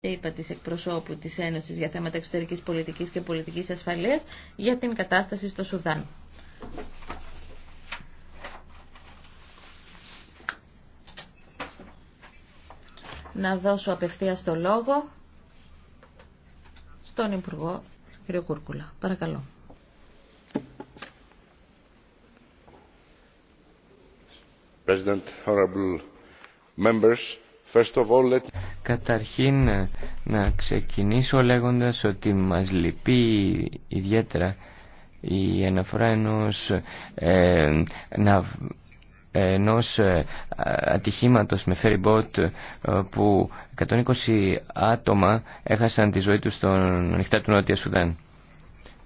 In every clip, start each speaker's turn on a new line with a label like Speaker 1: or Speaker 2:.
Speaker 1: είπα της εκπροσώπου της Ένωσης για θέματα εξωτερικής πολιτικής και πολιτικής ασφαλείας για την κατάσταση στο Σουδάν. Να δώσω απευθείας το λόγο στον Υπουργό κ. Κούρκουλα. Παρακαλώ.
Speaker 2: President, honorable members,
Speaker 3: Καταρχήν να ξεκινήσω λέγοντας ότι μας λυπεί ιδιαίτερα η αναφορά ενός, ε, να, ε, ατυχήματος με ferry ε, που 120 άτομα έχασαν τη ζωή τους στον νυχτά του Νότια Σουδάν.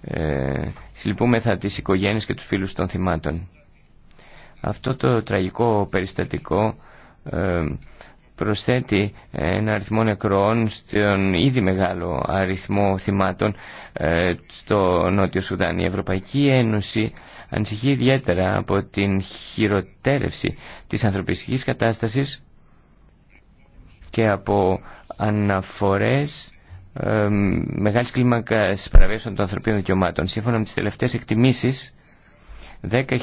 Speaker 3: Ε, συλληπούμεθα τις οικογένειες και τους φίλους των θυμάτων. Αυτό το τραγικό περιστατικό ε, προσθέτει ένα αριθμό νεκρών στον ήδη μεγάλο αριθμό θυμάτων ε, στο Νότιο Σουδάν. Η Ευρωπαϊκή Ένωση ανησυχεί ιδιαίτερα από την χειροτέρευση της ανθρωπιστικής κατάστασης και από αναφορές ε, μεγάλης κλίμακας των ανθρωπίνων δικαιωμάτων. Σύμφωνα με τις τελευταίες εκτιμήσεις, 10.000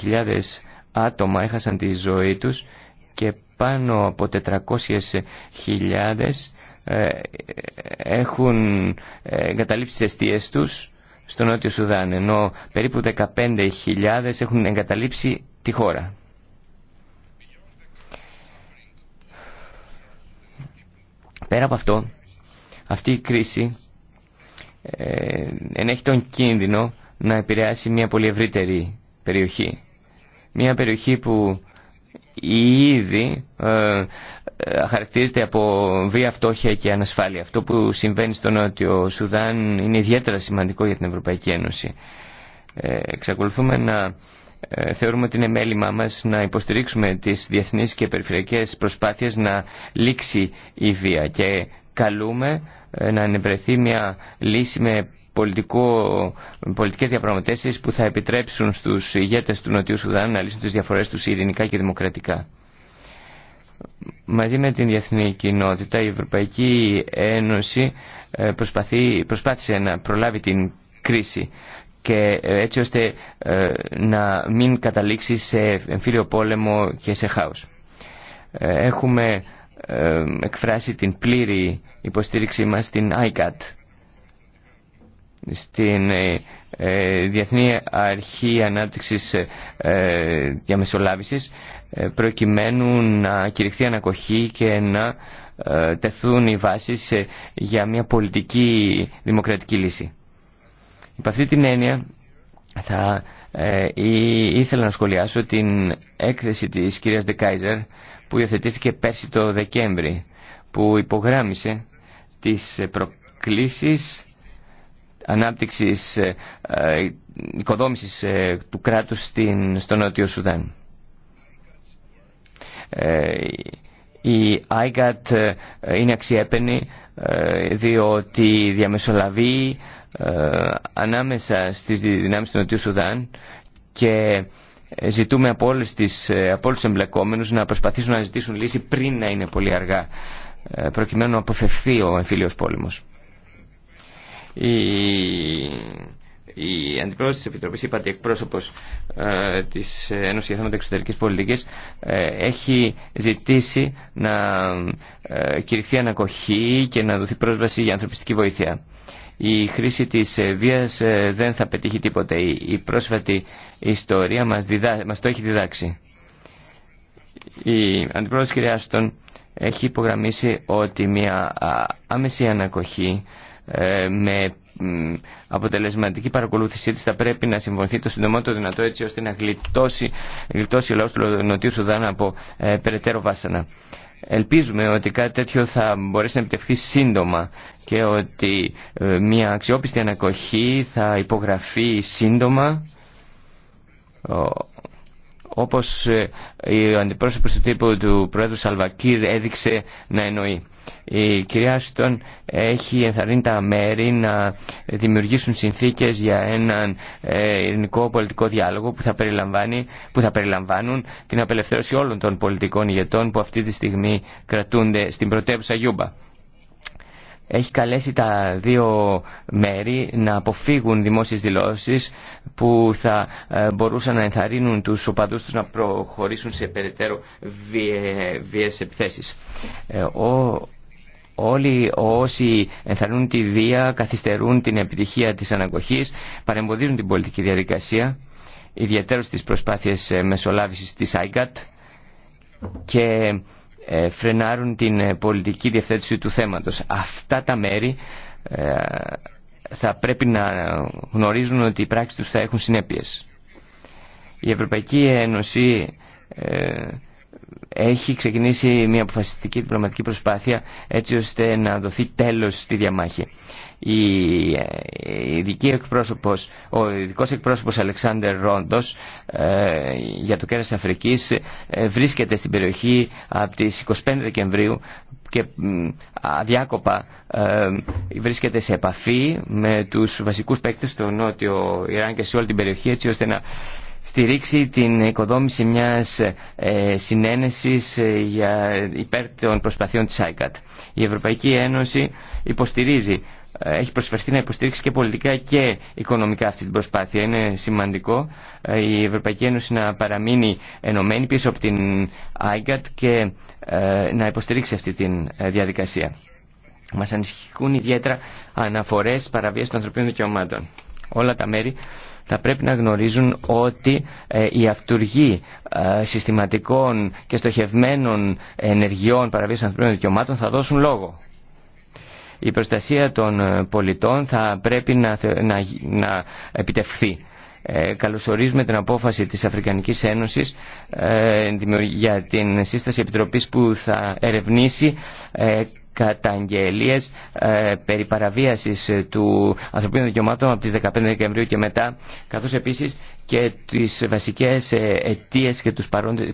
Speaker 3: άτομα έχασαν τη ζωή τους και πάνω από 400.000 ε, έχουν ε, εγκαταλείψει τις αιστείες τους στο Νότιο Σουδάν, ενώ περίπου 15.000 έχουν εγκαταλείψει τη χώρα. Πέρα από αυτό, αυτή η κρίση ε, ενέχει τον κίνδυνο να επηρεάσει μια πολύ ευρύτερη περιοχή. Μια περιοχή που ήδη ε, ε, χαρακτηρίζεται από βία φτώχεια και ανασφάλεια. Αυτό που συμβαίνει στο Νότιο Σουδάν είναι ιδιαίτερα σημαντικό για την Ευρωπαϊκή Ένωση. Ε, εξακολουθούμε να ε, θεωρούμε ότι είναι μέλημά μας να υποστηρίξουμε τις διεθνείς και περιφερειακές προσπάθειες να λήξει η βία και καλούμε να ανεβρεθεί μια λύση με πολιτικές διαπραγματεύσεις που θα επιτρέψουν στους ηγέτες του Νοτιού Σουδάν να λύσουν τις διαφορές τους ειρηνικά και δημοκρατικά. Μαζί με την διεθνή κοινότητα η Ευρωπαϊκή Ένωση ε, προσπαθεί, προσπάθησε να προλάβει την κρίση και ε, έτσι ώστε ε, να μην καταλήξει σε εμφύλιο πόλεμο και σε χάος. Έχουμε εκφράσει την πλήρη υποστήριξή μας στην ICAT στην ε, ε, Διεθνή Αρχή Ανάπτυξης ε, Διαμεσολάβησης προκειμένου να κηρυχθεί ανακοχή και να τεθούν οι βάσεις για μια πολιτική δημοκρατική λύση. Υπ' αυτή την έννοια θα ήθελα να σχολιάσω την έκθεση της κυρίας Ντεκάιζερ που υιοθετήθηκε πέρσι το Δεκέμβρη που υπογράμμισε τις προκλήσεις ανάπτυξης ε, ε, οικοδόμησης ε, του κράτους στην, στο Νότιο Σουδάν. Η IGAT είναι αξιέπαινη διότι διαμεσολαβεί ανάμεσα στις δυνάμεις του Νοτιού Σουδάν και ζητούμε από, όλους τις, από όλους τους εμπλεκόμενους να προσπαθήσουν να ζητήσουν λύση πριν να είναι πολύ αργά προκειμένου να αποφευθεί ο εμφύλιος πόλεμος. Η, η τη της Επιτροπής, είπατε εκπρόσωπος ε, της Ένωσης για θέματα εξωτερικής πολιτικής, ε, έχει ζητήσει να ε, κηρυχθεί ανακοχή και να δοθεί πρόσβαση για ανθρωπιστική βοήθεια. Η χρήση της ε, βίας ε, δεν θα πετύχει τίποτα. Η, πρόσφατη ιστορία μας, διδά, το έχει διδάξει. Η αντιπρόεδρος κυρία έχει υπογραμμίσει ότι μια άμεση ανακοχή ε, με αποτελεσματική παρακολούθησή της θα πρέπει να συμφωνηθεί το συντομότερο δυνατό έτσι ώστε να γλιτώσει, γλιτώσει ο λαός του Νοτιού Σουδάν από ε, περαιτέρω βάσανα. Ελπίζουμε ότι κάτι τέτοιο θα μπορέσει να επιτευχθεί σύντομα και ότι ε, μια αξιόπιστη ανακοχή θα υπογραφεί σύντομα όπως ο ε, αντιπρόσωπος του τύπου του Πρόεδρου Σαλβακίρ έδειξε να εννοεί. Η κυρία Άστον έχει ενθαρρύνει τα μέρη να δημιουργήσουν συνθήκες για έναν ε, ειρηνικό πολιτικό διάλογο που θα, περιλαμβάνει, που θα περιλαμβάνουν την απελευθέρωση όλων των πολιτικών ηγετών που αυτή τη στιγμή κρατούνται στην πρωτεύουσα Γιούμπα έχει καλέσει τα δύο μέρη να αποφύγουν δημόσιες δηλώσεις που θα ε, μπορούσαν να ενθαρρύνουν τους οπαδούς τους να προχωρήσουν σε περαιτέρω βίες επιθέσεις. Ε, ο, όλοι όσοι ενθαρρύνουν τη βία καθυστερούν την επιτυχία της αναγκοχής, παρεμποδίζουν την πολιτική διαδικασία, ιδιαίτερα στις προσπάθειες ε, μεσολάβησης της ΆΙΚΑΤ και ε, φρενάρουν την ε, πολιτική διευθέτηση του θέματος. Αυτά τα μέρη ε, θα πρέπει να γνωρίζουν ότι οι πράξεις τους θα έχουν συνέπειες. Η Ευρωπαϊκή Ένωση έχει ξεκινήσει μια αποφασιστική διπλωματική προσπάθεια έτσι ώστε να δοθεί τέλος στη διαμάχη η ε, ειδική εκπρόσωπος, ο ειδικό εκπρόσωπος Αλεξάνδερ Ρόντος ε, για το κέρας Αφρικής ε, βρίσκεται στην περιοχή από τις 25 Δεκεμβρίου και αδιάκοπα ε, βρίσκεται σε επαφή με τους βασικούς παίκτες στο νότιο Ιράν και σε όλη την περιοχή έτσι ώστε να στηρίξει την οικοδόμηση μιας ε, συνένεσης για, υπέρ των προσπαθειών της ΆΙΚΑΤ. Η Ευρωπαϊκή Ένωση υποστηρίζει έχει προσφερθεί να υποστηρίξει και πολιτικά και οικονομικά αυτή την προσπάθεια. Είναι σημαντικό ε, η Ευρωπαϊκή Ένωση να παραμείνει ενωμένη πίσω από την IGAT και ε, να υποστηρίξει αυτή τη ε, διαδικασία. Μα ανησυχούν ιδιαίτερα αναφορές παραβίαση των ανθρωπίνων δικαιωμάτων. Όλα τα μέρη θα πρέπει να γνωρίζουν ότι η αυτουργή συστηματικών και στοχευμένων ενεργειών παραβίαση των ανθρωπίνων δικαιωμάτων θα δώσουν λόγο η προστασία των ε, πολιτών θα πρέπει να, να, να επιτευχθεί. Ε, καλωσορίζουμε την απόφαση της Αφρικανικής Ένωσης ε, για την σύσταση επιτροπής που θα ερευνήσει ε, καταγγελίες ε, περί παραβίασης του ανθρωπίνων δικαιωμάτων από τις 15 Δεκεμβρίου και μετά, καθώς επίσης και τις βασικές αιτίες και τους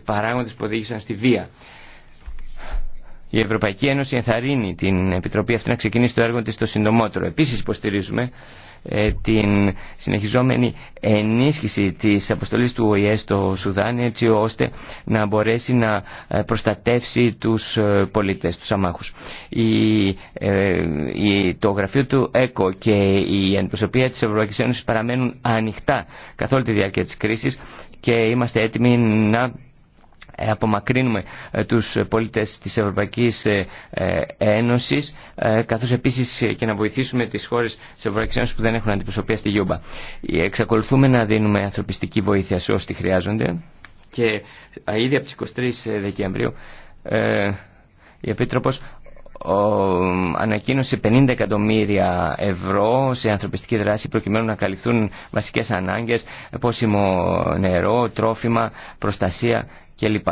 Speaker 3: παράγοντες που οδήγησαν στη βία. Η Ευρωπαϊκή Ένωση ενθαρρύνει την Επιτροπή αυτή να ξεκινήσει το έργο της το συντομότερο. Επίσης υποστηρίζουμε ε, την συνεχιζόμενη ενίσχυση της αποστολής του ΟΗΕ στο Σουδάν έτσι ώστε να μπορέσει να ε, προστατεύσει τους ε, πολίτες, τους αμάχους. Η, η, το γραφείο του ΕΚΟ και η αντιπροσωπεία της Ευρωπαϊκής Ένωσης παραμένουν ανοιχτά καθ' όλη τη διάρκεια της κρίσης και είμαστε έτοιμοι να ε, απομακρύνουμε ε, τους πολίτες της Ευρωπαϊκής ε, Ένωσης καθώς επίσης και να βοηθήσουμε τις χώρες της Ευρωπαϊκής Ένωσης που δεν έχουν αντιπροσωπεία στη Γιούμπα. Εξακολουθούμε να δίνουμε ανθρωπιστική βοήθεια σε όσοι χρειάζονται και ήδη από τις 23 Δεκεμβρίου η Επίτροπος ανακοίνωσε 50 εκατομμύρια ευρώ σε ανθρωπιστική δράση προκειμένου να καλυφθούν βασικές ανάγκες, πόσιμο νερό, τρόφιμα, προστασία κλπ.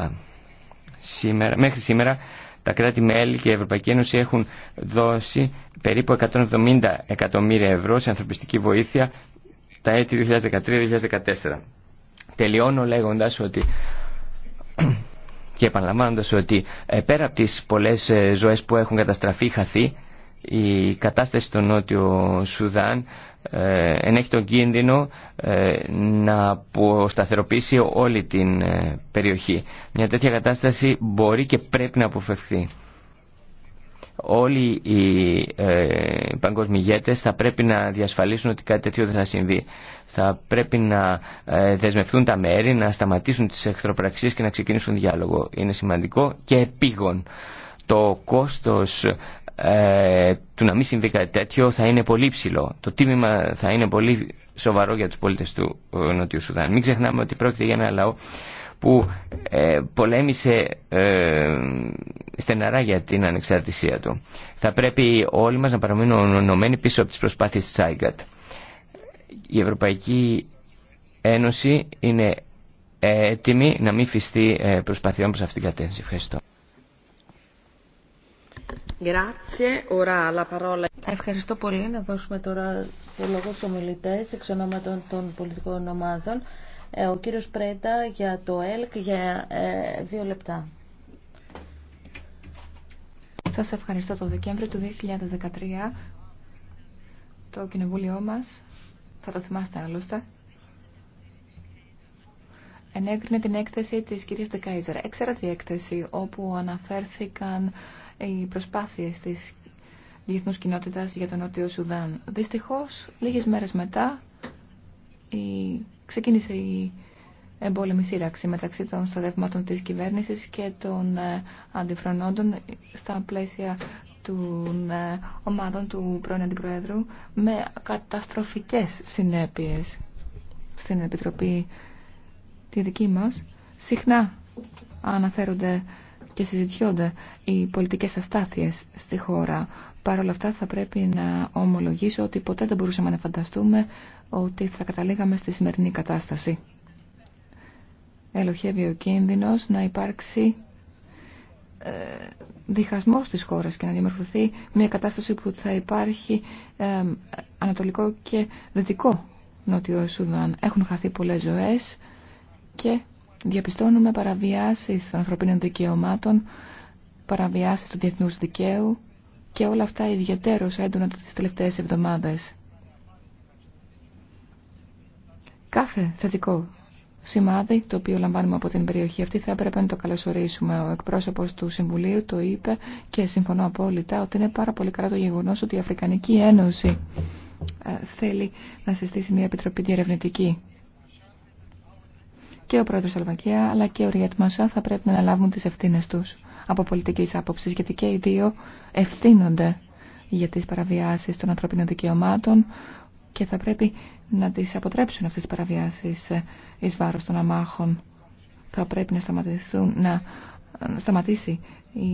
Speaker 3: Σήμερα, μέχρι σήμερα τα κράτη-μέλη και η Ευρωπαϊκή Ένωση έχουν δώσει περίπου 170 εκατομμύρια ευρώ σε ανθρωπιστική βοήθεια τα έτη 2013-2014. Τελειώνω λέγοντας ότι και επαναλαμβάνοντας ότι ε, πέρα από τις πολλές ε, ζωές που έχουν καταστραφεί, χαθεί, η κατάσταση στο Νότιο Σουδάν ε, ενέχει τον κίνδυνο ε, να αποσταθεροποιήσει όλη την ε, περιοχή. Μια τέτοια κατάσταση μπορεί και πρέπει να αποφευχθεί. Όλοι οι ε, παγκόσμιοι θα πρέπει να διασφαλίσουν ότι κάτι τέτοιο δεν θα συμβεί. Θα πρέπει να ε, δεσμευτούν τα μέρη, να σταματήσουν τις εχθροπραξίες και να ξεκινήσουν διάλογο. Είναι σημαντικό και επίγον το κόστος ε, του να μην συμβεί κάτι τέτοιο θα είναι πολύ ψηλό. Το τίμημα θα είναι πολύ σοβαρό για τους πολίτες του ε, Νότιου Σουδάν. Μην ξεχνάμε ότι πρόκειται για ένα λαό που ε, πολέμησε ε, στεναρά για την ανεξαρτησία του. Θα πρέπει όλοι μας να παραμείνουμε ονομένοι πίσω από τις προσπάθειες της ΆΙΚΑΤ. Η Ευρωπαϊκή Ένωση είναι έτοιμη να μην φυστεί ε, προσπαθειών προς αυτήν την κατεύθυνση. Ευχαριστώ.
Speaker 1: Ευχαριστώ πολύ. Να δώσουμε τώρα το λόγο στους ομιλητές εξ ονόματων των πολιτικών ομάδων. Ε, ο κύριος πρέτα για το ΕΛΚ για ε, δύο λεπτά. Σας ευχαριστώ. Το Δεκέμβριο
Speaker 2: του 2013 το κοινοβούλιο μας, θα το θυμάστε άλλωστε, ενέκρινε την έκθεση της κυρίας Δεκάιζερ. Έξερα την έκθεση όπου αναφέρθηκαν οι προσπάθειες της διεθνούς κοινότητας για τον Νότιο Σουδάν. Δυστυχώς, λίγες μέρες μετά η... ξεκίνησε η εμπόλεμη σύραξη μεταξύ των στρατευμάτων της κυβέρνησης και των ε, αντιφρονόντων στα πλαίσια των ε, ομάδων του πρώην Αντιπροέδρου με καταστροφικές συνέπειες στην Επιτροπή τη δική μας. Συχνά αναφέρονται και συζητιόνται οι πολιτικές αστάθειες στη χώρα. Παρ' όλα αυτά θα πρέπει να ομολογήσω ότι ποτέ δεν μπορούσαμε να φανταστούμε ότι θα καταλήγαμε στη σημερινή κατάσταση. Ελοχεύει ο κίνδυνος να υπάρξει ε, διχασμός της χώρας και να δημιουργηθεί μια κατάσταση που θα υπάρχει ε, ανατολικό και δυτικό Νότιο Σουδάν. Έχουν χαθεί πολλές ζωές και διαπιστώνουμε παραβιάσεις ανθρωπίνων δικαιωμάτων, παραβιάσεις του διεθνούς δικαίου και όλα αυτά ιδιαίτερως έντονα τις τελευταίες εβδομάδες. Κάθε θετικό σημάδι το οποίο λαμβάνουμε από την περιοχή αυτή θα έπρεπε να το καλωσορίσουμε. Ο εκπρόσωπος του Συμβουλίου το είπε και συμφωνώ απόλυτα ότι είναι πάρα πολύ καλά το γεγονός ότι η Αφρικανική Ένωση ε, θέλει να συστήσει μια επιτροπή διερευνητική και ο πρόεδρος Αλβακία αλλά και ο Ριέτ Μασά θα πρέπει να αναλάβουν τις ευθύνες τους από πολιτικής άποψης γιατί και οι δύο ευθύνονται για τις παραβιάσεις των ανθρωπίνων δικαιωμάτων και θα πρέπει να τις αποτρέψουν αυτές τις παραβιάσεις ε, εις βάρος των αμάχων. Θα πρέπει να, να ε, σταματήσει η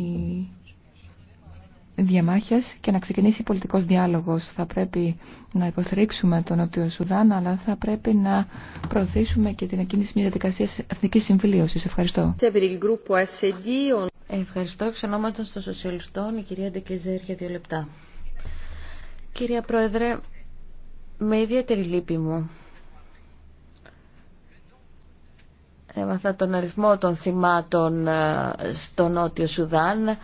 Speaker 2: διαμάχες και να ξεκινήσει πολιτικός διάλογος. Θα πρέπει να υποστηρίξουμε τον Νότιο Σουδάν, αλλά θα πρέπει να προωθήσουμε και την εκκίνηση μια διαδικασία εθνικής συμβιλίωσης. Ευχαριστώ.
Speaker 1: Ευχαριστώ. Εξ των Σοσιαλιστών, η κυρία Ντεκεζέρ για δύο λεπτά. Κυρία Πρόεδρε, με ιδιαίτερη λύπη μου έμαθα τον αριθμό των θυμάτων ε, στο Νότιο Σουδάν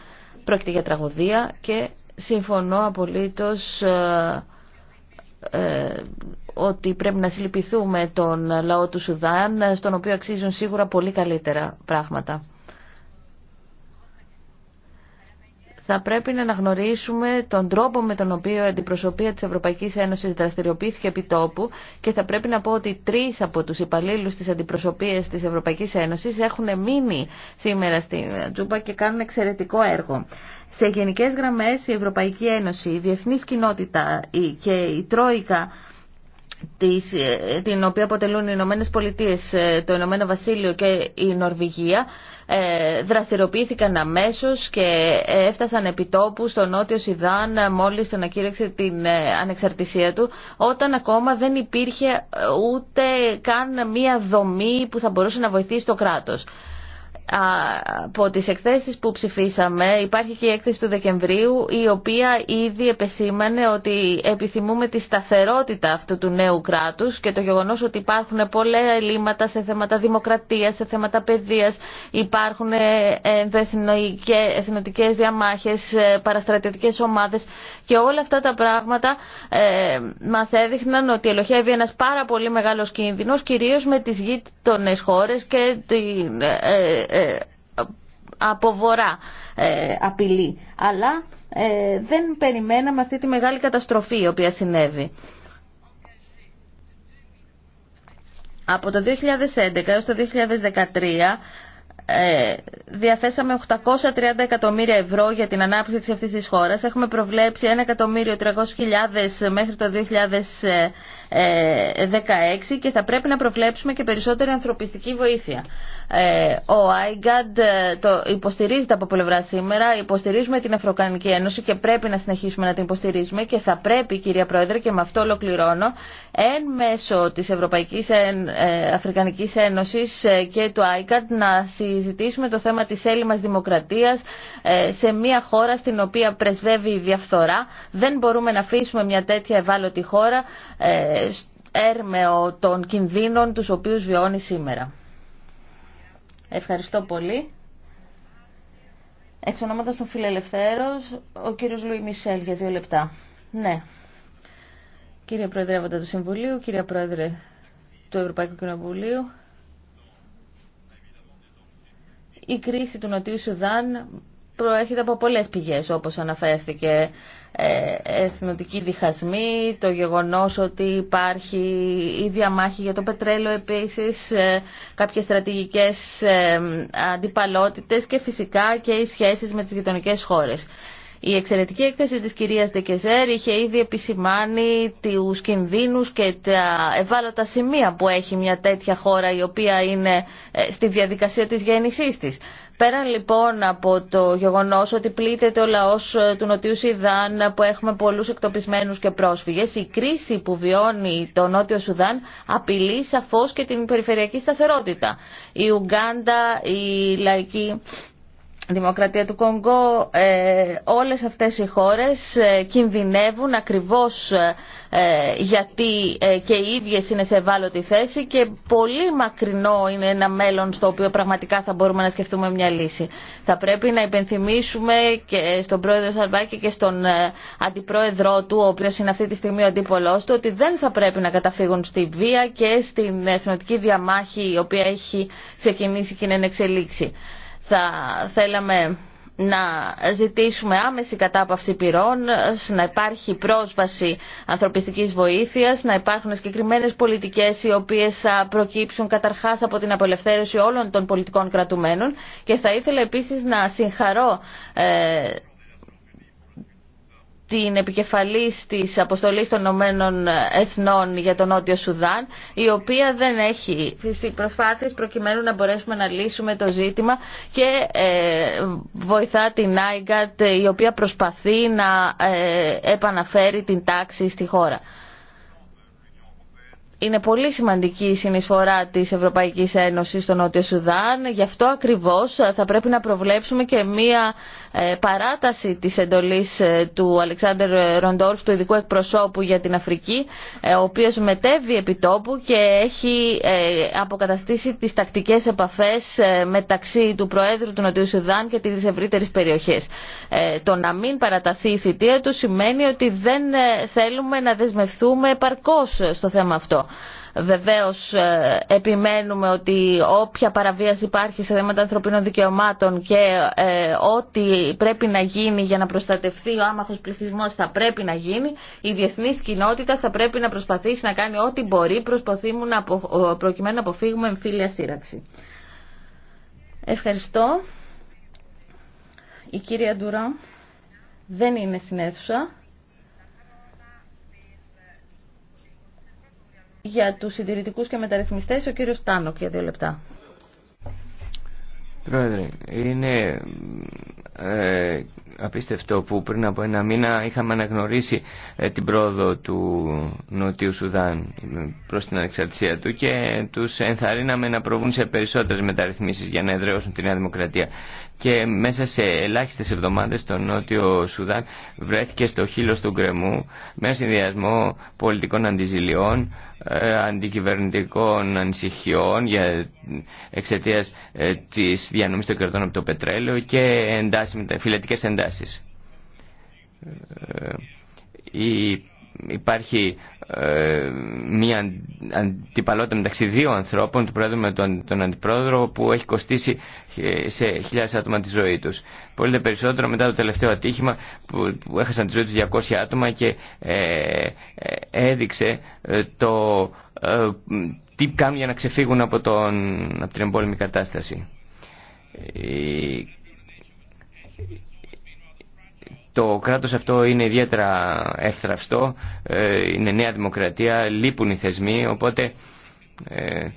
Speaker 1: Πρόκειται για τραγωδία και συμφωνώ απολύτως ε, ε, ότι πρέπει να συλληπιθούμε τον λαό του Σουδάν, στον οποίο αξίζουν σίγουρα πολύ καλύτερα πράγματα. θα πρέπει να αναγνωρίσουμε τον τρόπο με τον οποίο η αντιπροσωπεία της Ευρωπαϊκής Ένωσης δραστηριοποιήθηκε επί τόπου και θα πρέπει να πω ότι τρεις από τους υπαλλήλους της αντιπροσωπείας της Ευρωπαϊκής Ένωσης έχουν μείνει σήμερα στην Τζούμπα και κάνουν εξαιρετικό έργο. Σε γενικές γραμμές η Ευρωπαϊκή Ένωση, η διεθνής κοινότητα και η Τρόικα ε, την οποία αποτελούν οι Ηνωμένε Πολιτείε, ε, το Ηνωμένο Βασίλειο και η Νορβηγία, ε, δραστηριοποιήθηκαν αμέσως και έφτασαν επιτόπου στο Νότιο Σιδάν μόλις ανακήρυξε την ανεξαρτησία του όταν ακόμα δεν υπήρχε ούτε καν μία δομή που θα μπορούσε να βοηθήσει το κράτος από τις εκθέσεις που ψηφίσαμε υπάρχει και η έκθεση του Δεκεμβρίου η οποία ήδη επεσήμανε ότι επιθυμούμε τη σταθερότητα αυτού του νέου κράτους και το γεγονός ότι υπάρχουν πολλά ελλείμματα σε θέματα δημοκρατίας, σε θέματα παιδείας υπάρχουν ε, εθνοτικές διαμάχες, ε, παραστρατιωτικές ομάδες και όλα αυτά τα πράγματα ε, μας έδειχναν ότι ελοχεύει ένας πάρα πολύ μεγάλος κίνδυνος κυρίως με τις γείτονες χώρες και την ε, από βορρά ε, απειλή. Αλλά ε, δεν περιμέναμε αυτή τη μεγάλη καταστροφή η οποία συνέβη. Από το 2011 έως το 2013 διαθέσαμε 830 εκατομμύρια ευρώ για την ανάπτυξη αυτής της χώρας. Έχουμε προβλέψει 1.300.000 μέχρι το 16 και θα πρέπει να προβλέψουμε και περισσότερη ανθρωπιστική βοήθεια. Ε, ο IGAD ε, το υποστηρίζεται από πλευρά σήμερα, υποστηρίζουμε την Αφροκανική Ένωση και πρέπει να συνεχίσουμε να την υποστηρίζουμε και θα πρέπει κυρία Πρόεδρε και με αυτό ολοκληρώνω εν μέσω της Ευρωπαϊκής Ένωση ε, Ένωσης και του IGAD να συζητήσουμε το θέμα της δημοκρατία δημοκρατίας σε μια χώρα στην οποία πρεσβεύει η διαφθορά. Δεν μπορούμε να αφήσουμε μια τέτοια ευάλωτη χώρα έρμεο των κινδύνων τους οποίους βιώνει σήμερα. Ευχαριστώ πολύ. Εξ ονόματος των Φιλελευθέρος, ο κύριος Λουί Μισελ για δύο λεπτά. Ναι. Κύριε Προεδρεύοντα του Συμβουλίου, κύριε Πρόεδρε του Ευρωπαϊκού Κοινοβουλίου, η κρίση του Νοτιού Σουδάν προέρχεται από πολλές πηγές όπως αναφέρθηκε ε, εθνοτικοί διχασμοί, το γεγονός ότι υπάρχει η διαμάχη για το πετρέλαιο επίσης, ε, κάποιες στρατηγικές ε, αντιπαλότητες και φυσικά και οι σχέσεις με τις γειτονικές χώρες. Η εξαιρετική έκθεση της κυρίας Δεκεζέρ είχε ήδη επισημάνει τους κινδύνους και τα ευάλωτα σημεία που έχει μια τέτοια χώρα η οποία είναι ε, στη διαδικασία της γέννησής της. Πέραν λοιπόν από το γεγονός ότι πλήττεται ο λαός ε, του Νοτιού Σουδάν που έχουμε πολλούς εκτοπισμένους και πρόσφυγες, η κρίση που βιώνει το Νότιο Σουδάν απειλεί σαφώς και την περιφερειακή σταθερότητα. Η Ουγγάντα, η λαϊκή Δημοκρατία του Κονγκό, ε, όλες αυτές οι χώρες ε, κινδυνεύουν ακριβώς ε, γιατί και οι ίδιες είναι σε ευάλωτη θέση και πολύ μακρινό είναι ένα μέλλον στο οποίο πραγματικά θα μπορούμε να σκεφτούμε μια λύση. Θα πρέπει να υπενθυμίσουμε και στον πρόεδρο Σαρβάκη και στον αντιπρόεδρό του, ο οποίος είναι αυτή τη στιγμή ο αντίπολός του, ότι δεν θα πρέπει να καταφύγουν στη βία και στην εθνοτική διαμάχη η οποία έχει ξεκινήσει και είναι εξελίξη. Θα θέλαμε να ζητήσουμε άμεση κατάπαυση πυρών, να υπάρχει πρόσβαση ανθρωπιστικής βοήθειας, να υπάρχουν συγκεκριμένε πολιτικές οι οποίες θα προκύψουν καταρχάς από την απελευθέρωση όλων των πολιτικών κρατουμένων και θα ήθελα επίσης να συγχαρώ ε, την επικεφαλής της αποστολής των Ηνωμένων Εθνών για τον Νότιο Σουδάν, η οποία δεν έχει προσπάθειες προκειμένου να μπορέσουμε να λύσουμε το ζήτημα και ε, βοηθά την ΆΙΓΑΤ, η οποία προσπαθεί να ε, επαναφέρει την τάξη στη χώρα είναι πολύ σημαντική η συνεισφορά της Ευρωπαϊκής Ένωσης στο Νότιο Σουδάν. Γι' αυτό ακριβώς θα πρέπει να προβλέψουμε και μία ε, παράταση της εντολής ε, του Αλεξάνδρου Ροντόρφ, του ειδικού εκπροσώπου για την Αφρική, ε, ο οποίος μετέβει επιτόπου και έχει αποκαταστήσει τις τακτικές επαφές μεταξύ του Προέδρου του Νοτιού Σουδάν και της ευρύτερης περιοχής. Το να μην παραταθεί η θητεία του σημαίνει ότι δεν θέλουμε να δεσμευτούμε επαρκώς στο θέμα αυτό. Βεβαίω Βεβαίως ε, επιμένουμε ότι όποια παραβίαση υπάρχει σε θέματα ανθρωπίνων δικαιωμάτων και ε, ό,τι πρέπει να γίνει για να προστατευτεί ο άμαχος πληθυσμός θα πρέπει να γίνει, η διεθνής κοινότητα θα πρέπει να προσπαθήσει να κάνει ό,τι μπορεί να απο... προκειμένου να αποφύγουμε εμφύλια σύραξη. Ευχαριστώ. Η κυρία Ντουρά δεν είναι στην αίθουσα. για τους συντηρητικούς και μεταρρυθμιστές, ο κύριος Τάνοκ για δύο λεπτά.
Speaker 3: Πρόεδρε, είναι ε, απίστευτο που πριν από ένα μήνα είχαμε αναγνωρίσει ε, την πρόοδο του Νοτιού Σουδάν ε, προς την ανεξαρτησία του και τους ενθαρρύναμε να προβούν σε περισσότερες μεταρρυθμίσεις για να εδραιώσουν τη Νέα Δημοκρατία. Και μέσα σε ελάχιστες εβδομάδες το Νότιο Σουδάν βρέθηκε στο χείλος του γκρεμού με συνδυασμό πολιτικών αντιζηλιών ε, αντικυβερνητικών ανησυχιών για εξαιτίας ε, της διανομής των κερδών από το πετρέλαιο και εντάσεις, φυλετικές εντάσεις. Ε, υπάρχει ε, μια αντιπαλότητα μεταξύ δύο ανθρώπων, του πρόεδρου με τον, τον αντιπρόεδρο, που έχει κοστίσει ε, σε χιλιάδες άτομα τη ζωή του. Πολύ περισσότερο μετά το τελευταίο ατύχημα που, που έχασαν τη ζωή του 200 άτομα και ε, έδειξε το τι κάνουν για να ξεφύγουν από, τον, από την εμπόλεμη κατάσταση. Το κράτος αυτό είναι ιδιαίτερα εύθραυστο, ε, είναι νέα δημοκρατία, λείπουν οι θεσμοί, οπότε ε,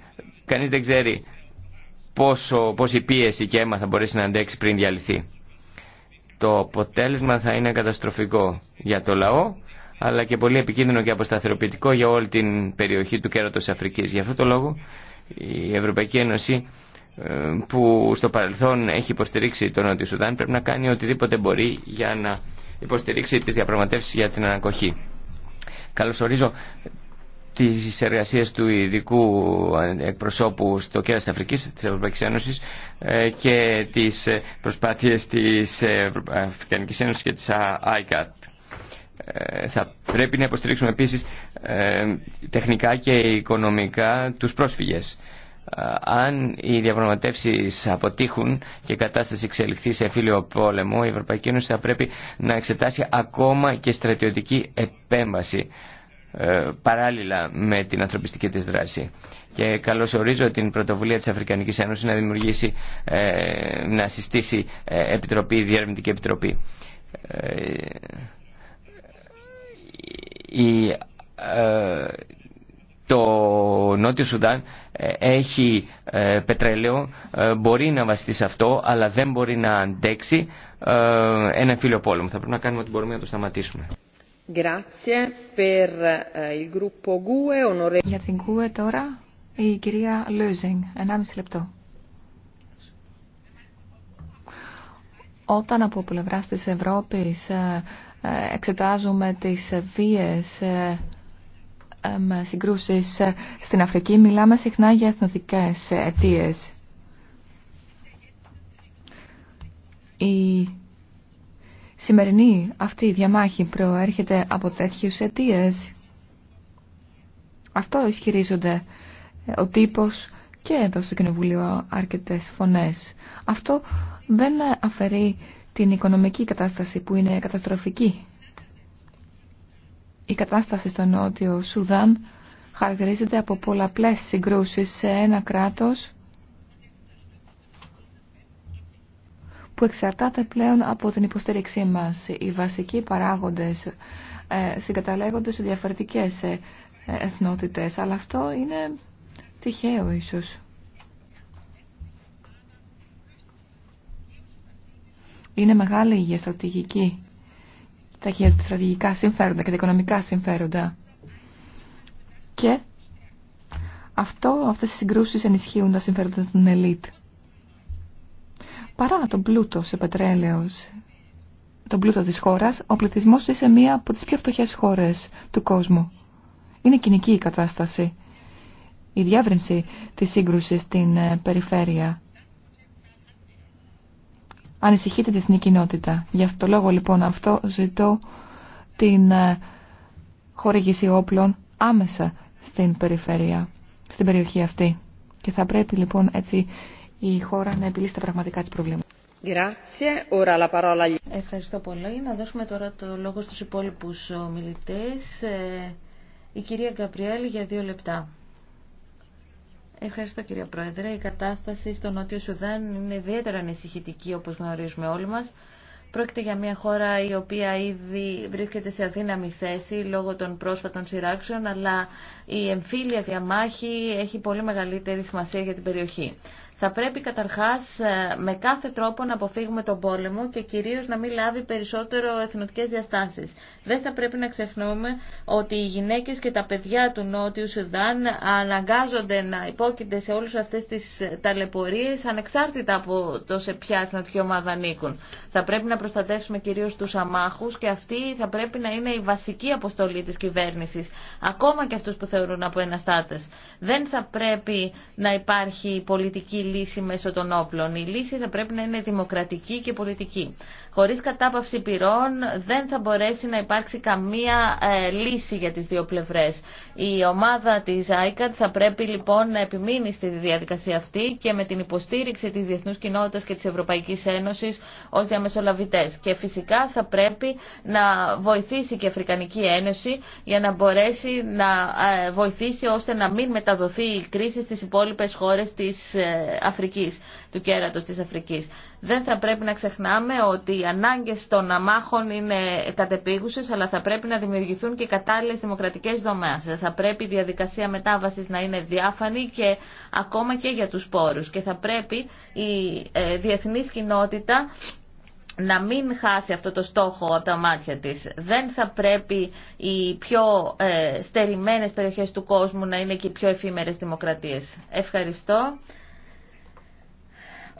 Speaker 3: κανείς δεν ξέρει πόσο, πόση πίεση και αίμα θα μπορέσει να αντέξει πριν διαλυθεί. Το αποτέλεσμα θα είναι καταστροφικό για το λαό, αλλά και πολύ επικίνδυνο και αποσταθεροποιητικό για όλη την περιοχή του κέρατος Αφρικής. Γι' αυτό το λόγο η Ευρωπαϊκή Ένωση ε, που στο παρελθόν έχει υποστηρίξει τον Νότιο Σουδάν πρέπει να κάνει οτιδήποτε μπορεί για να υποστηρίξει τις διαπραγματεύσεις για την ανακοχή. Καλωσορίζω τις εργασίες του ειδικού εκπροσώπου στο κέρας της Αφρικής της Ευρωπαϊκής Ένωσης ε, και τις προσπάθειες της ε, Αφρικανικής Ένωσης και της ICAT. Θα πρέπει να υποστηρίξουμε επίσης τεχνικά και οικονομικά τους πρόσφυγες ε, αν οι διαπραγματεύσει αποτύχουν και η κατάσταση εξελιχθεί σε φίλιο πόλεμο, η Ευρωπαϊκή Ένωση θα πρέπει να εξετάσει ακόμα και στρατιωτική επέμβαση ε, παράλληλα με την ανθρωπιστική της δράση. Και ορίζω την πρωτοβουλία της Αφρικανικής Ένωσης να δημιουργήσει, ε, να συστήσει επιτροπή, διερευνητική επιτροπή το Νότιο Σουδάν ε, έχει ε, πετρέλαιο, ε, μπορεί να βαστεί σε αυτό, αλλά δεν μπορεί να αντέξει ένα φίλο πόλεμο. Θα πρέπει να κάνουμε ό,τι μπορούμε να το σταματήσουμε.
Speaker 2: Για την ΚΟΥΕ τώρα, η κυρία Λούζινγκ, 1,5 λεπτό. Όταν από πλευρά της Ευρώπης εξετάζουμε τις βίες συγκρούσεις ε, στην Αφρική μιλάμε συχνά για εθνοτικέ αιτίε. Η σημερινή αυτή η διαμάχη προέρχεται από τέτοιους αιτίε. Αυτό ισχυρίζονται ε, ο τύπος και εδώ στο Κοινοβούλιο αρκετές φωνές. Αυτό δεν αφαιρεί την οικονομική κατάσταση που είναι καταστροφική η κατάσταση στο Νότιο Σουδάν χαρακτηρίζεται από πολλαπλές συγκρούσεις σε ένα κράτος που εξαρτάται πλέον από την υποστήριξή μας. Οι βασικοί παράγοντες ε, συγκαταλέγονται σε διαφορετικές ε, εθνότητες, αλλά αυτό είναι τυχαίο ίσως. Είναι μεγάλη η γεωστρατηγική τα γεωστρατηγικά συμφέροντα και τα οικονομικά συμφέροντα. Και αυτό, αυτές οι συγκρούσεις ενισχύουν τα συμφέροντα των ελίτ. Παρά τον πλούτο σε πετρέλαιο, τον πλούτο της χώρας, ο πληθυσμός είναι σε μία από τις πιο φτωχές χώρες του κόσμου. Είναι κοινική η κατάσταση. Η διάβρυνση της σύγκρουσης στην ε, περιφέρεια ανησυχεί την εθνική κοινότητα. Γι' αυτό το λόγο λοιπόν αυτό ζητώ την ε, χορήγηση όπλων άμεσα στην περιφέρεια, στην περιοχή αυτή. Και θα πρέπει λοιπόν έτσι η χώρα να επιλύσει τα πραγματικά της προβλήματα.
Speaker 1: Ευχαριστώ πολύ. Να δώσουμε τώρα το λόγο στους υπόλοιπους ομιλητές. Ε, η κυρία Γκαμπριέλη για δύο λεπτά. Ευχαριστώ κύριε Πρόεδρε. Η κατάσταση στο Νότιο Σουδάν είναι ιδιαίτερα ανησυχητική όπως γνωρίζουμε όλοι μας. Πρόκειται για μια χώρα η οποία ήδη βρίσκεται σε αδύναμη θέση λόγω των πρόσφατων σειράξεων, αλλά η εμφύλια διαμάχη έχει πολύ μεγαλύτερη σημασία για την περιοχή. Θα πρέπει καταρχάς ε, με κάθε τρόπο να αποφύγουμε τον πόλεμο και κυρίως να μην λάβει περισσότερο εθνοτικές διαστάσεις. Δεν θα πρέπει να ξεχνούμε ότι οι γυναίκες και τα παιδιά του Νότιου Σουδάν αναγκάζονται να υπόκεινται σε όλες αυτές τις ε, ταλαιπωρίες ανεξάρτητα από το σε ποια εθνοτική ομάδα ανήκουν. Θα πρέπει να προστατεύσουμε κυρίως τους αμάχους και αυτή θα πρέπει να είναι η βασική αποστολή της κυβέρνησης, ακόμα και αυτούς που θεωρούν από εναστάτες. Δεν θα πρέπει να υπάρχει πολιτική λύση μέσω των όπλων. Η λύση θα πρέπει να είναι δημοκρατική και πολιτική. Χωρίς κατάπαυση πυρών δεν θα μπορέσει να υπάρξει καμία ε, λύση για τις δύο πλευρές. Η ομάδα της ΆΙΚΑΤ θα πρέπει λοιπόν να επιμείνει στη διαδικασία αυτή και με την υποστήριξη της διεθνούς κοινότητας και της Ευρωπαϊκής Ένωσης ως διαμεσολαβητές. Και φυσικά θα πρέπει να βοηθήσει και η Αφρικανική Ένωση για να μπορέσει να ε, βοηθήσει ώστε να μην μεταδοθεί η κρίση στις υπόλοιπες χώρες της ε, Αφρικής, του κέρατος της Αφρικής. Δεν θα πρέπει να ξεχνάμε ότι οι ανάγκε των αμάχων είναι κατεπίγουσες, αλλά θα πρέπει να δημιουργηθούν και κατάλληλε δημοκρατικές δομές. Θα πρέπει η διαδικασία μετάβασης να είναι διάφανη και ακόμα και για τους πόρους. Και θα πρέπει η ε, διεθνής κοινότητα να μην χάσει αυτό το στόχο από τα μάτια της. Δεν θα πρέπει οι πιο ε, στερημένες περιοχές του κόσμου να είναι και οι πιο εφήμερες δημοκρατίες. Ευχαριστώ.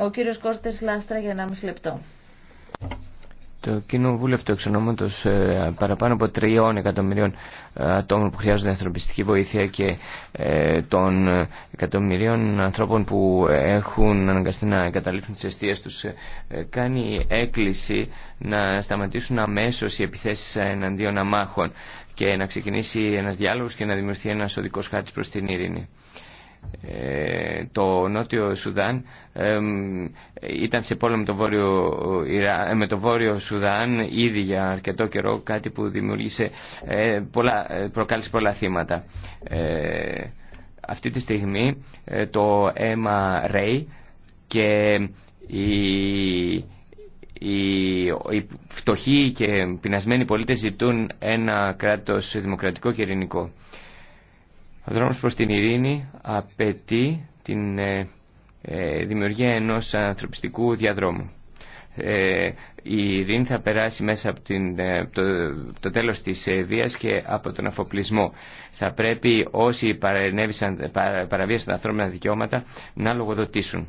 Speaker 1: Ο κύριος Κώστας Λάστρα για 1,5 λεπτό.
Speaker 3: Το εξ Αυτοεξονόματο ε, παραπάνω από τριών εκατομμυρίων ε, ατόμων που χρειάζονται ανθρωπιστική βοήθεια και ε, των εκατομμυρίων ανθρώπων που έχουν αναγκαστεί να εγκαταλείψουν τι αιστείε του κάνει έκκληση να σταματήσουν αμέσω οι επιθέσει εναντίον αμάχων και να ξεκινήσει ένα διάλογο και να δημιουργηθεί ένα οδικό χάρτη προ την ειρήνη. Ε, το Νότιο Σουδάν ήταν σε πόλεμο με το, βόρειο, ε, με το Σουδάν ήδη για αρκετό καιρό κάτι που δημιούργησε ε, πολλά, προκάλεσε πολλά θύματα αυτή τη στιγμή το αίμα ρέει και η οι φτωχοί και πεινασμένοι πολίτες ζητούν ένα κράτος δημοκρατικό και ειρηνικό ο δρόμος προς την ειρήνη απαιτεί την ε, ε, δημιουργία ενός ανθρωπιστικού διαδρόμου. Ε, η ειρήνη θα περάσει μέσα από την, ε, το, το τέλος της ε, βίας και από τον αφοπλισμό. Θα πρέπει όσοι παραβίασαν τα ανθρώπινα δικαιώματα να λογοδοτήσουν.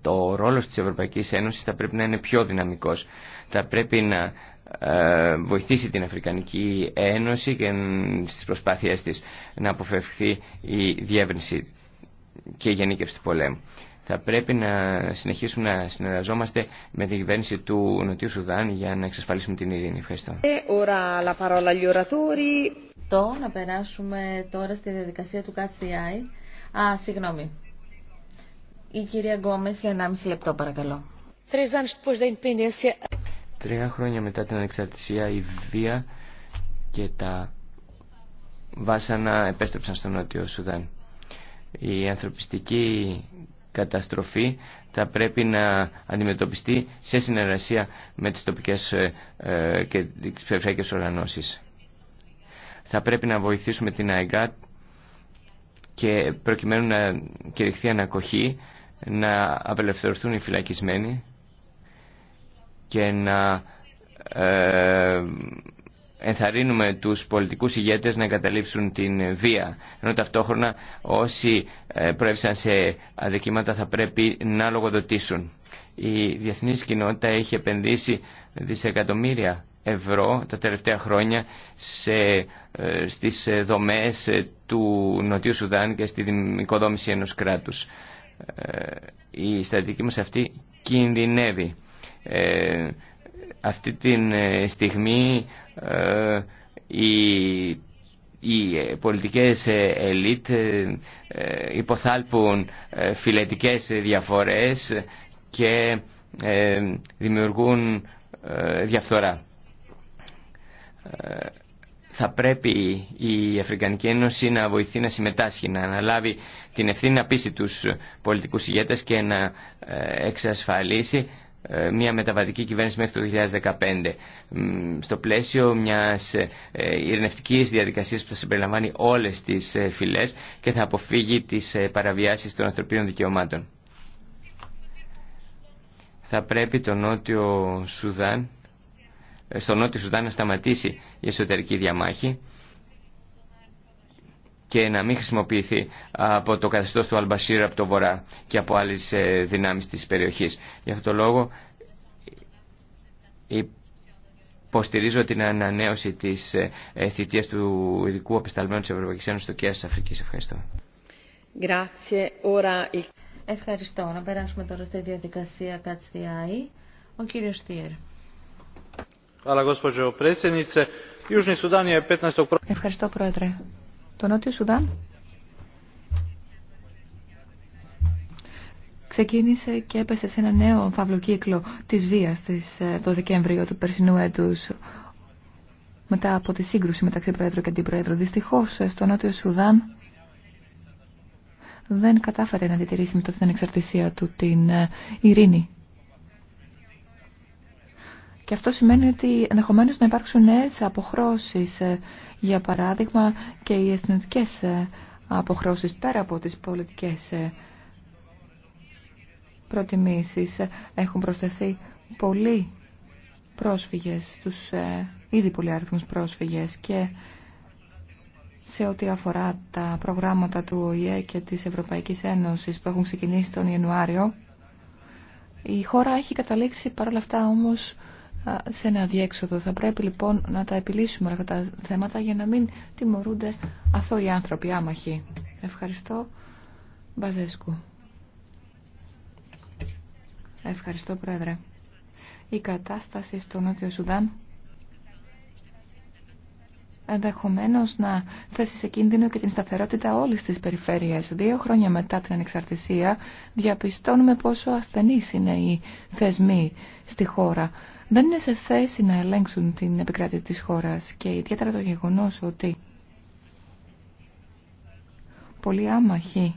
Speaker 3: Το ρόλος της Ευρωπαϊκής Ένωσης θα πρέπει να είναι πιο δυναμικός. Θα πρέπει να ε, βοηθήσει την Αφρικανική Ένωση και στις προσπάθειές της να αποφευχθεί η διεύρυνση και η γενίκευση του πολέμου. Θα πρέπει να συνεχίσουμε να συνεργαζόμαστε με την κυβέρνηση του Νοτιού Σουδάν για να εξασφαλίσουμε την ειρήνη. Ευχαριστώ.
Speaker 1: Το να περάσουμε τώρα στη διαδικασία του Catch Α, συγγνώμη. Η κυρία Γκόμες για 1,5 λεπτό παρακαλώ.
Speaker 3: Τρία χρόνια μετά την ανεξαρτησία η βία και τα βάσανα επέστρεψαν στο Νότιο Σουδάν. Η ανθρωπιστική καταστροφή θα πρέπει να αντιμετωπιστεί σε συνεργασία με τις τοπικές ε, ε, και τις περιφερειακές οργανώσεις. Θα πρέπει να βοηθήσουμε την ΑΕΓΑΤ και προκειμένου να κηρυχθεί ανακοχή να απελευθερωθούν οι φυλακισμένοι και να ε, ενθαρρύνουμε τους πολιτικούς ηγέτες να εγκαταλείψουν την βία. Ενώ ταυτόχρονα όσοι ε, προέβησαν σε αδικήματα θα πρέπει να λογοδοτήσουν. Η διεθνής κοινότητα έχει επενδύσει δισεκατομμύρια ευρώ τα τελευταία χρόνια σε, ε, στις δομές ε, του Νοτιού Σουδάν και στη οικοδόμηση ενός κράτους. Η στρατηγική μας αυτή κινδυνεύει. Ε, αυτή τη στιγμή ε, οι, οι πολιτικές ελίτ ε, υποθάλπουν ε, φιλετικές διαφορές και δημιουργούν διαφθορά. Θα πρέπει η Αφρικανική Ένωση να βοηθεί να συμμετάσχει, να αναλάβει την ευθύνη να πείσει τους πολιτικούς ηγέτες και να εξασφαλίσει ε, μια μεταβατική κυβέρνηση μέχρι το 2015 στο πλαίσιο μιας ε, ειρηνευτικής διαδικασίας που θα συμπεριλαμβάνει όλες τις ε, φυλές και θα αποφύγει τις παραβιάσεις των ανθρωπίνων δικαιωμάτων. Θα πρέπει το Νότιο Σουδάν, στο Νότιο Σουδάν να σταματήσει η εσωτερική διαμάχη και να μην χρησιμοποιηθεί από το καθεστώς του Αλμπασίρ από το Βορρά και από άλλες ε, δυνάμεις της περιοχής. Γι' αυτό τον λόγο υποστηρίζω την ανανέωση της ε, θητείας του ειδικού απεσταλμένου της Ευρωπαϊκής Ένωσης στο ΚΕΑ της Αφρικής. Ευχαριστώ.
Speaker 1: Ευχαριστώ. Να περάσουμε τώρα στη διαδικασία ΚΑΤΣΔΙΑΗ. Ο κύριος Στίερ.
Speaker 2: Ευχαριστώ, Πρόεδρε. Το Νότιο Σουδάν ξεκίνησε και έπεσε σε ένα νέο φαύλο κύκλο της βίας ε, το Δεκέμβριο του περσινού έτους μετά από τη σύγκρουση μεταξύ Πρόεδρου και Αντιπρόεδρου. Δυστυχώς ε, στο Νότιο Σουδάν δεν κατάφερε να διατηρήσει μετά την ανεξαρτησία του την ε, ειρήνη και αυτό σημαίνει ότι ενδεχομένως να υπάρξουν νέες αποχρώσεις, ε, για παράδειγμα και οι εθνικές ε, αποχρώσεις πέρα από τις πολιτικές ε, προτιμήσεις. Έχουν προσθεθεί πολλοί πρόσφυγες, τους ήδη αριθμούς πρόσφυγες και σε ό,τι αφορά τα προγράμματα του ΟΗΕ και της Ευρωπαϊκής Ένωσης που έχουν ξεκινήσει τον Ιανουάριο. Η χώρα έχει καταλήξει παρόλα αυτά όμως σε ένα διέξοδο. Θα πρέπει λοιπόν να τα επιλύσουμε αυτά τα θέματα για να μην τιμωρούνται αθώοι άνθρωποι άμαχοι. Ευχαριστώ. Μπαζέσκου. Ευχαριστώ Πρόεδρε. Η κατάσταση στο Νότιο Σουδάν ενδεχομένω να θέσει σε κίνδυνο και την σταθερότητα όλη τη περιφέρεια. Δύο χρόνια μετά την ανεξαρτησία, διαπιστώνουμε πόσο ασθενεί είναι οι θεσμοί στη χώρα δεν είναι σε θέση να ελέγξουν την επικράτη της χώρας και ιδιαίτερα το γεγονός ότι πολλοί άμαχοι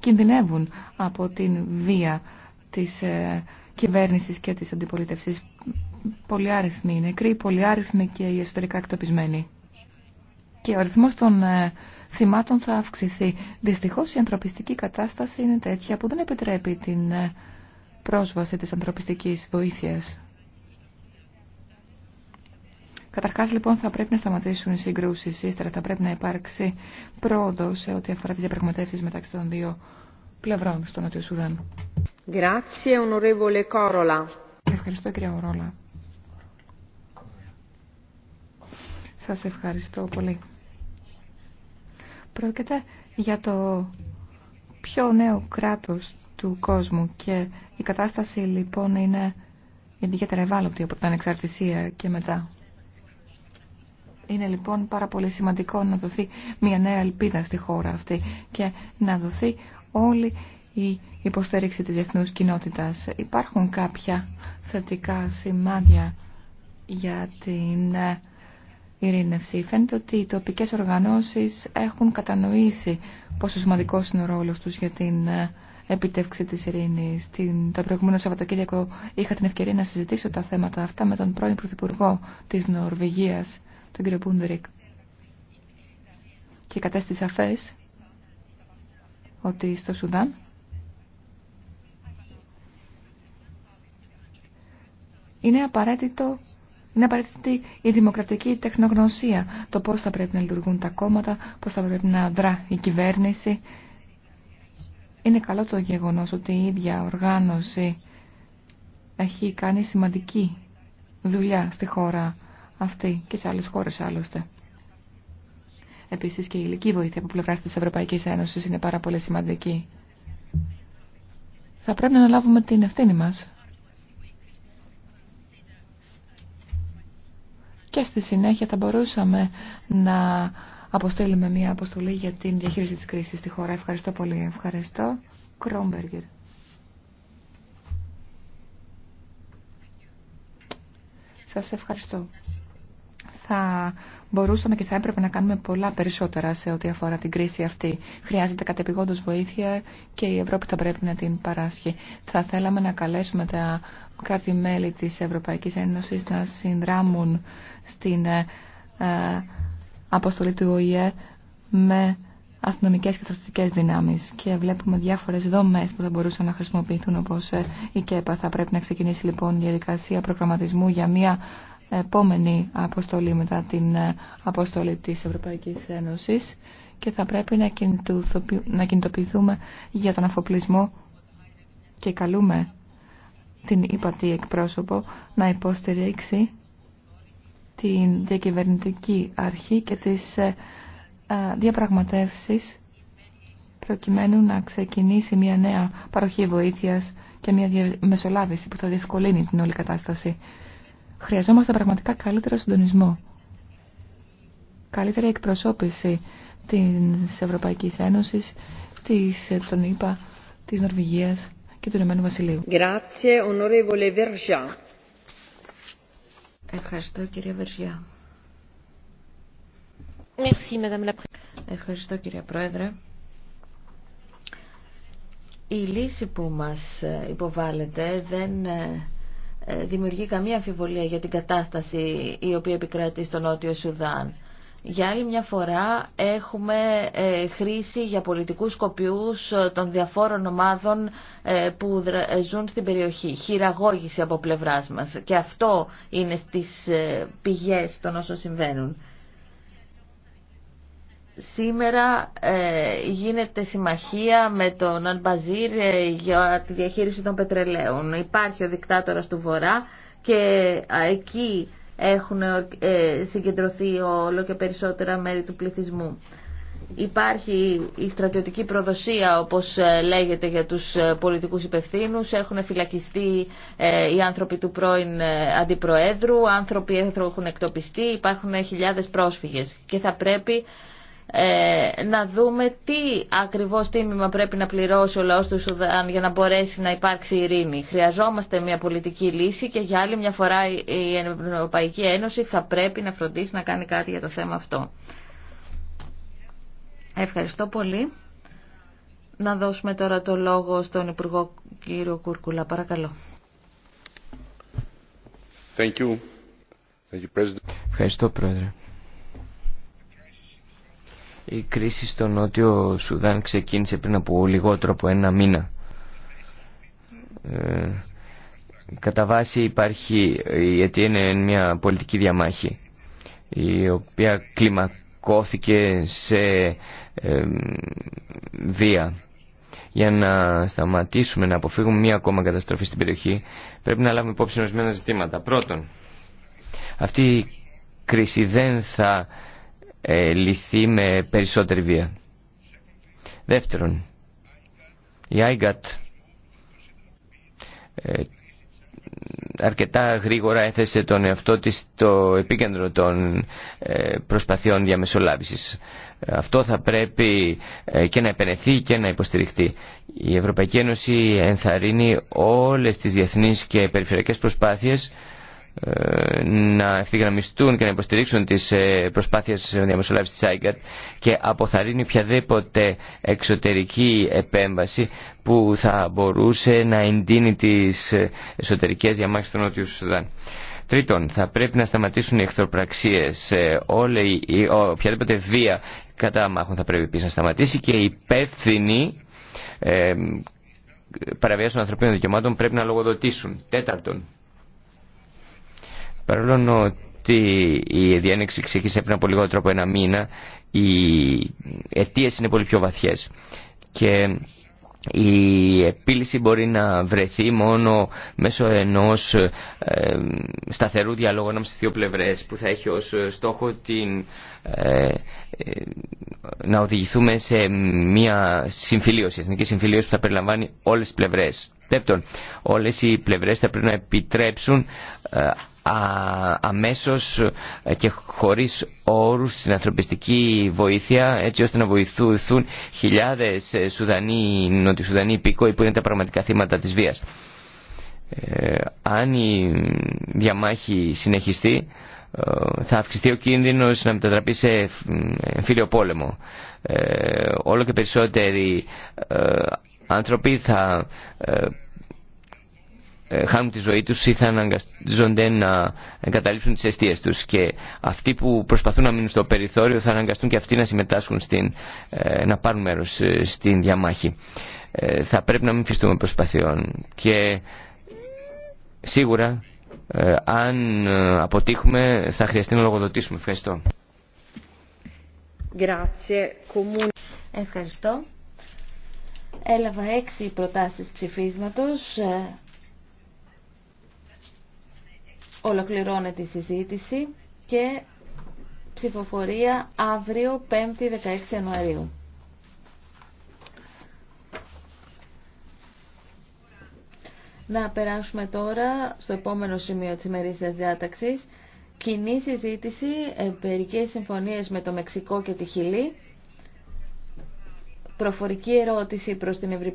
Speaker 2: κινδυνεύουν από την βία της ε, κυβέρνησης και της αντιπολίτευσης. οι νεκροί, άριθμοι και οι εσωτερικά εκτοπισμένοι. Και ο αριθμός των ε, θυμάτων θα αυξηθεί. Δυστυχώς η ανθρωπιστική κατάσταση είναι τέτοια που δεν επιτρέπει την ε, πρόσβαση της ανθρωπιστικής βοήθειας. Καταρχάς λοιπόν θα πρέπει να σταματήσουν οι συγκρούσεις, ύστερα θα πρέπει να υπάρξει πρόοδο σε ό,τι αφορά τις διαπραγματεύσεις μεταξύ των δύο πλευρών στο Νότιο Σουδάν. Ευχαριστώ κύριε Ορόλα. Σας ευχαριστώ πολύ. Πρόκειται για το πιο νέο κράτος του κόσμου και η κατάσταση λοιπόν είναι ιδιαίτερα ευάλωτη από την ανεξαρτησία και μετά. Είναι λοιπόν πάρα πολύ σημαντικό να δοθεί μια νέα ελπίδα στη χώρα αυτή και να δοθεί όλη η υποστήριξη της διεθνούς κοινότητας. Υπάρχουν κάποια θετικά σημάδια για την ε, ειρήνευση. Φαίνεται ότι οι τοπικές οργανώσεις έχουν κατανοήσει πόσο σημαντικό είναι ο ρόλος τους για την ε, επιτεύξη της ειρήνης. Την, το προηγούμενο Σαββατοκύριακο είχα την ευκαιρία να συζητήσω τα θέματα αυτά με τον πρώην Πρωθυπουργό της Νορβηγίας, τον κύριο Μπούντερικ. Και κατέστησα σαφέ ότι στο Σουδάν είναι απαραίτητο είναι απαραίτητη η δημοκρατική τεχνογνωσία, το πώς θα πρέπει να λειτουργούν τα κόμματα, πώς θα πρέπει να δρά η κυβέρνηση. Είναι καλό το γεγονός ότι η ίδια οργάνωση έχει κάνει σημαντική δουλειά στη χώρα αυτή και σε άλλες χώρες άλλωστε. Επίσης και η ηλική βοήθεια από πλευράς της Ευρωπαϊκής Ένωσης είναι πάρα πολύ σημαντική. Θα πρέπει να λάβουμε την ευθύνη μας και στη συνέχεια θα μπορούσαμε να αποστέλουμε μια αποστολή για την διαχείριση της κρίσης στη χώρα. Ευχαριστώ πολύ. Ευχαριστώ. Κρόμπεργκερ. Σας ευχαριστώ θα μπορούσαμε και θα έπρεπε να κάνουμε πολλά περισσότερα σε ό,τι αφορά την κρίση αυτή. Χρειάζεται κατεπηγόντως βοήθεια και η Ευρώπη θα πρέπει να την παράσχει. Θα θέλαμε να καλέσουμε τα κράτη-μέλη της Ευρωπαϊκής Ένωσης να συνδράμουν στην ε, ε, αποστολή του ΟΗΕ με αστυνομικέ και στρατιωτικέ δυνάμει. Και βλέπουμε διάφορες δομές που θα μπορούσαν να χρησιμοποιηθούν όπω ε, η ΚΕΠΑ. Θα πρέπει να ξεκινήσει λοιπόν η διαδικασία προγραμματισμού για μια επόμενη αποστολή μετά την ε, αποστολή της Ευρωπαϊκής Ένωσης και θα πρέπει να, κινητοποιηθούμε για τον αφοπλισμό και καλούμε την ύπατη εκπρόσωπο να υποστηρίξει την διακυβερνητική αρχή και τις ε, ε, διαπραγματεύσεις προκειμένου να ξεκινήσει μια νέα παροχή βοήθειας και μια μεσολάβηση που θα διευκολύνει την όλη κατάσταση. Χρειαζόμαστε πραγματικά καλύτερο συντονισμό, καλύτερη εκπροσώπηση της Ευρωπαϊκής Ένωσης, της, ε, των ΗΠΑ, της Νορβηγίας και του Ηνωμένου Βασιλείου.
Speaker 1: Ευχαριστώ κύριε Βεργιά. Ευχαριστώ κυρία Πρόεδρε. Η λύση που μας ε, υποβάλλεται δεν ε, ε, δημιουργεί καμία αμφιβολία για την κατάσταση η οποία επικρατεί στο Νότιο Σουδάν. Για άλλη μια φορά έχουμε ε, χρήση για πολιτικούς σκοπιούς ε, των διαφόρων ομάδων που ζουν στην περιοχή. Χειραγώγηση από πλευράς μας. Και αυτό είναι στις πηγές των όσων συμβαίνουν. Σήμερα ε, γίνεται συμμαχία με τον Αλμπαζίρ ε, για τη διαχείριση των πετρελαίων. Υπάρχει ο δικτάτορας του Βορρά και εκεί έχουν ε, συγκεντρωθεί όλο και περισσότερα μέρη του πληθυσμού. Υπάρχει η στρατιωτική προδοσία όπως λέγεται για τους πολιτικούς υπευθύνους. Έχουν φυλακιστεί οι άνθρωποι του πρώην αντιπροέδρου, άνθρωποι έχουν εκτοπιστεί, υπάρχουν χιλιάδες πρόσφυγες και θα πρέπει ε, να δούμε τι ακριβώς τίμημα πρέπει να πληρώσει ο λαός του Σουδάν για να μπορέσει να υπάρξει ειρήνη. Χρειαζόμαστε μια πολιτική λύση και για άλλη μια φορά η Ευρωπαϊκή Ένωση θα πρέπει να φροντίσει να κάνει κάτι για το θέμα αυτό. Ευχαριστώ πολύ. Να δώσουμε τώρα το λόγο στον Υπουργό κύριο Κούρκουλα. Παρακαλώ.
Speaker 3: Thank you. Ευχαριστώ, Πρόεδρε. Η κρίση στο Νότιο Σουδάν ξεκίνησε πριν από λιγότερο από ένα μήνα. Ε, κατά βάση υπάρχει, γιατί είναι μια πολιτική διαμάχη, η οποία κλιμακώθηκε σε ε, βία. Για να σταματήσουμε να αποφύγουμε μια ακόμα καταστροφή στην περιοχή, πρέπει να λάβουμε υπόψη ορισμένα ζητήματα. Πρώτον, αυτή η κρίση δεν θα ε, λυθεί με περισσότερη βία. Δεύτερον, η ΆΙΓΑΤ ε, αρκετά γρήγορα έθεσε τον εαυτό της στο επίκεντρο των ε, προσπαθειών διαμεσολάβησης. Αυτό θα πρέπει και να επενεθεί και να υποστηριχτεί. Η Ευρωπαϊκή Ένωση ενθαρρύνει όλες τις διεθνείς και περιφερειακές προσπάθειες να ευθυγραμμιστούν και να υποστηρίξουν τις ε, προσπάθειες διαμεσολάβησης της ΆΙΚΑΤ και αποθαρρύνει οποιαδήποτε εξωτερική επέμβαση που θα μπορούσε να εντείνει τις ε, εσωτερικές διαμάχες του Νότιου Σουδάν. Τρίτον, θα πρέπει να σταματήσουν οι εχθροπραξίες. Ε, όλη, οποιαδήποτε βία κατά μάχων θα πρέπει επίσης να σταματήσει και οι υπεύθυνοι ε, των ανθρωπίνων δικαιωμάτων πρέπει να λογοδοτήσουν. Τέταρτον, Παρόλο ότι η διένεξη ξεκίνησε πριν από λιγότερο από ένα μήνα, οι αιτίε είναι πολύ πιο βαθίε Και η επίλυση μπορεί να βρεθεί μόνο μέσω ενός σταθερού διαλόγου ανάμεσα στις δύο πλευρές που θα έχει ως στόχο την, ε, ε, να οδηγηθούμε σε μια συμφιλίωση, εθνική συμφιλίωση που θα περιλαμβάνει όλες τις πλευρές. Δεύτερον, όλες οι πλευρές θα πρέπει να επιτρέψουν ε, αμέσως ε, και χωρίς όρους στην ανθρωπιστική βοήθεια έτσι ώστε να βοηθούν χιλιάδες ε, Σουδανοί, νοτισουδανοί υπήκοοι που είναι τα πραγματικά θύματα της βίας. Ε, αν η διαμάχη συνεχιστεί θα αυξηθεί ο κίνδυνος να μετατραπεί σε φίλιο πόλεμο. όλο και περισσότεροι ε, άνθρωποι θα ε, χάνουν τη ζωή τους ή θα αναγκαστούνται να εγκαταλείψουν τις αιστείες τους και αυτοί που προσπαθούν να μείνουν στο περιθώριο θα αναγκαστούν και αυτοί να συμμετάσχουν στην, ε, να πάρουν μέρος ε, στην διαμάχη. Θα πρέπει να μην φυστούμε προσπαθειών και σίγουρα αν αποτύχουμε θα χρειαστεί να λογοδοτήσουμε. Ευχαριστώ.
Speaker 1: Ευχαριστώ. Έλαβα έξι προτάσεις ψηφίσματος Ολοκληρώνεται η συζήτηση και ψηφοφορία αύριο 5η 16 Ιανουαρίου. Να περάσουμε τώρα στο επόμενο σημείο της ημερήσιας διάταξης. Κοινή συζήτηση, εμπερικές συμφωνίες με το Μεξικό και τη Χιλή. Προφορική ερώτηση προς την Ευρωπαϊκή.